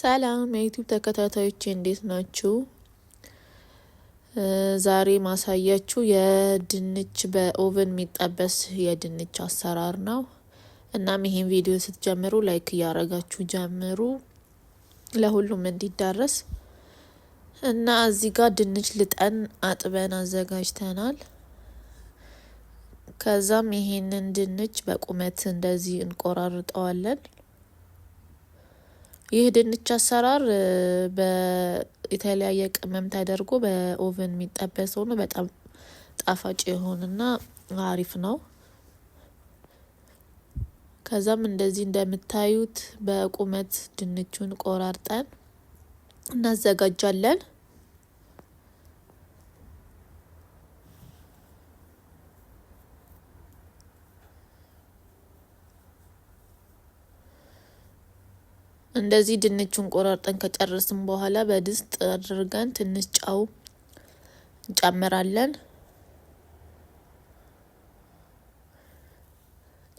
ሰላም የዩቲዩብ ተከታታዮች እንዴት ናችሁ? ዛሬ ማሳያችሁ የድንች በኦቨን የሚጠበስ የድንች አሰራር ነው። እናም ይሄን ቪዲዮ ስትጀምሩ ላይክ እያረጋችሁ ጀምሩ ለሁሉም እንዲዳረስ እና እዚህ ጋር ድንች ልጠን አጥበን አዘጋጅተናል። ከዛም ይሄንን ድንች በቁመት እንደዚህ እንቆራርጠዋለን። ይህ ድንች አሰራር የተለያየ ቅመም ተደርጎ በኦቨን የሚጠበስ ሆኖ በጣም ጣፋጭ የሆነና አሪፍ ነው። ከዛም እንደዚህ እንደምታዩት በቁመት ድንቹን ቆራርጠን እናዘጋጃለን። እንደዚህ ድንቹን ቆራርጠን ከጨረስን በኋላ በድስት አድርገን ትንሽ ጨው እንጨምራለን።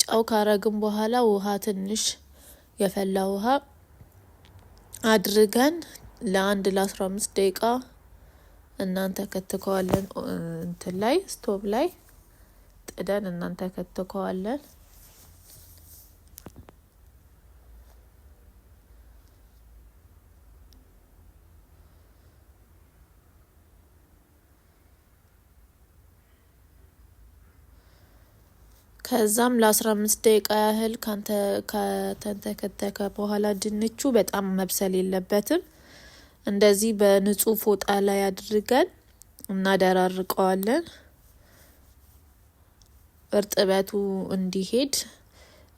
ጨው ካረግን በኋላ ውሃ ትንሽ የፈላ ውሃ አድርገን ለአንድ ለአስራ አምስት ደቂቃ እናንተ ከትከዋለን እንትን ላይ ስቶቭ ላይ ጥደን እናንተ ከትከዋለን። ከዛም ለ15 ደቂቃ ያህል ከተንተከተከ በኋላ ድንቹ በጣም መብሰል የለበትም። እንደዚህ በንጹህ ፎጣ ላይ አድርገን እናደራርቀዋለን። እርጥበቱ እንዲሄድ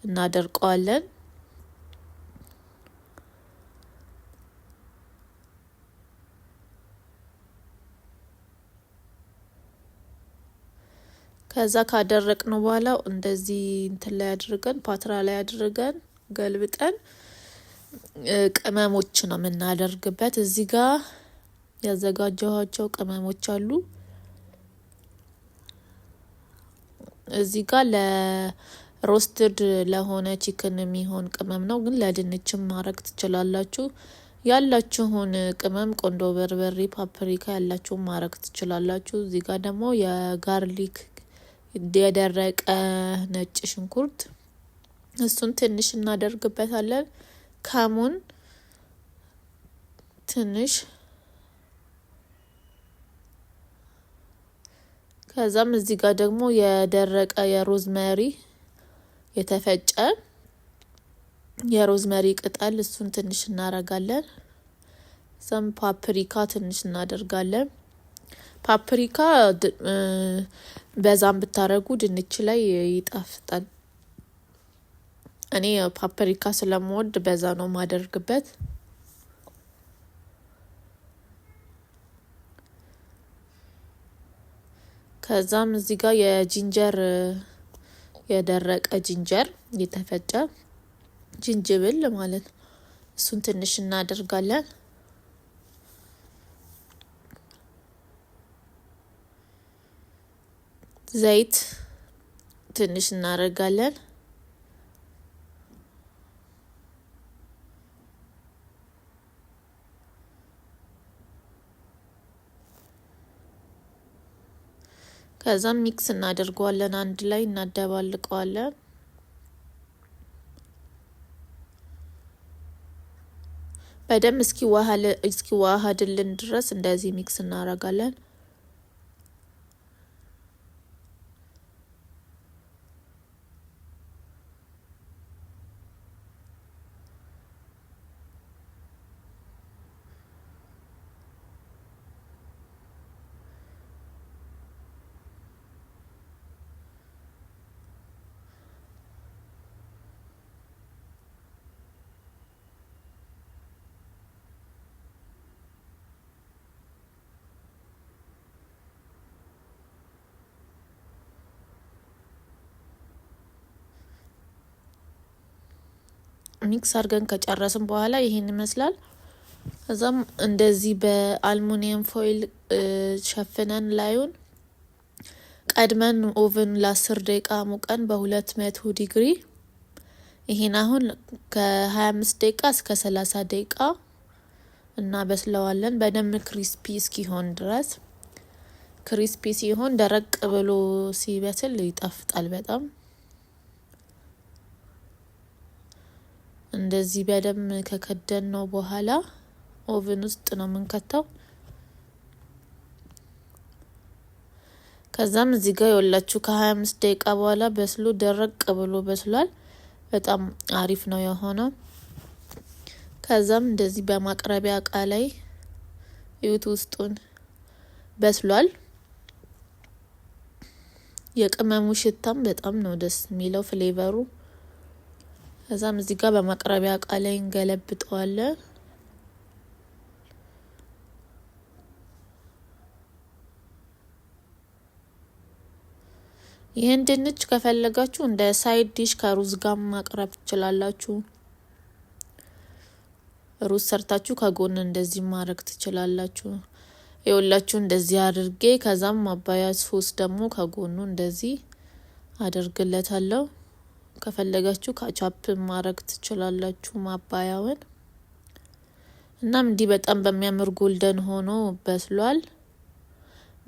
እናደርቀዋለን። ከዛ ካደረቅ ነው በኋላ እንደዚህ እንትን ላይ አድርገን ፓትራ ላይ አድርገን ገልብጠን ቅመሞች ነው የምናደርግበት። እዚህ ጋር ያዘጋጀኋቸው ቅመሞች አሉ። እዚህ ጋር ለሮስትድ ለሆነ ቺክን የሚሆን ቅመም ነው፣ ግን ለድንችም ማድረግ ትችላላችሁ። ያላችሁን ቅመም ቆንዶ በርበሬ፣ ፓፕሪካ ያላችሁን ማድረግ ትችላላችሁ። እዚህ ጋር ደግሞ የጋርሊክ የደረቀ ነጭ ሽንኩርት እሱን ትንሽ እናደርግበታለን። ከሙን ትንሽ ከዛም እዚህ ጋር ደግሞ የደረቀ የሮዝመሪ የተፈጨ የሮዝመሪ ቅጠል እሱን ትንሽ እናረጋለን። ዛም ፓፕሪካ ትንሽ እናደርጋለን። ፓፕሪካ በዛም ብታረጉ ድንች ላይ ይጣፍጣል። እኔ ፓፕሪካ ስለምወድ በዛ ነው ማደርግበት። ከዛም እዚህ ጋር የጂንጀር የደረቀ ጂንጀር የተፈጨ ጅንጅብል ማለት ነው። እሱን ትንሽ እናደርጋለን። ዘይት ትንሽ እናደርጋለን። ከዛም ሚክስ እናደርገዋለን፣ አንድ ላይ እናደባልቀዋለን። በደንብ እስኪዋሃድልን ድረስ እንደዚህ ሚክስ እናደርጋለን። ሚክስ አድርገን ከጨረስን በኋላ ይሄን ይመስላል። እዛም እንደዚህ በአልሙኒየም ፎይል ሸፍነን ላዩን ቀድመን ኦቨን ለአስር ደቂቃ ሙቀን በሁለት መቶ ዲግሪ ይሄን አሁን ከ25 ደቂቃ እስከ 30 ደቂቃ እናበስለዋለን። በደንብ ክሪስፒ እስኪሆን ድረስ ክሪስፒ ሲሆን ደረቅ ብሎ ሲበስል ይጣፍጣል በጣም እንደዚህ በደንብ ከከደን ነው በኋላ ኦቭን ውስጥ ነው የምንከተው። ከዛም እዚህ ጋር የወላችሁ ከ25 ደቂቃ በኋላ በስሎ ደረቅ ብሎ በስሏል። በጣም አሪፍ ነው የሆነው። ከዛም እንደዚህ በማቅረቢያ እቃ ላይ እዩት፣ ውስጡን በስሏል። የቅመሙ ሽታም በጣም ነው ደስ የሚለው ፍሌቨሩ ከዛም እዚህ ጋር በማቅረቢያ እቃ ላይ እንገለብጠዋለን። ይህን ድንች ከፈለጋችሁ እንደ ሳይድ ዲሽ ከሩዝ ጋር ማቅረብ ትችላላችሁ። ሩዝ ሰርታችሁ ከጎን እንደዚህ ማድረግ ትችላላችሁ። የወላችሁ እንደዚህ አድርጌ ከዛም ማባያ ሶስ ደግሞ ከጎኑ እንደዚህ አደርግለታለሁ። ከፈለጋችሁ ካቻፕ ማድረግ ትችላላችሁ ማባያውን። እናም እንዲህ በጣም በሚያምር ጎልደን ሆኖ በስሏል።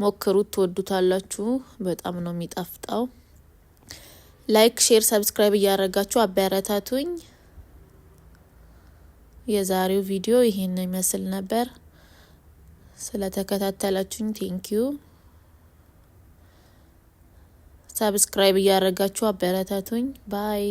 ሞክሩት፣ ትወዱታላችሁ። በጣም ነው የሚጣፍጣው። ላይክ፣ ሼር፣ ሰብስክራይብ እያደረጋችሁ አበረታቱኝ። የዛሬው ቪዲዮ ይህን ይመስል ነበር። ስለተከታተላችሁኝ ቴንኪዩ። ሰብስክራይብ እያደረጋችሁ አበረታቱኝ። ባይ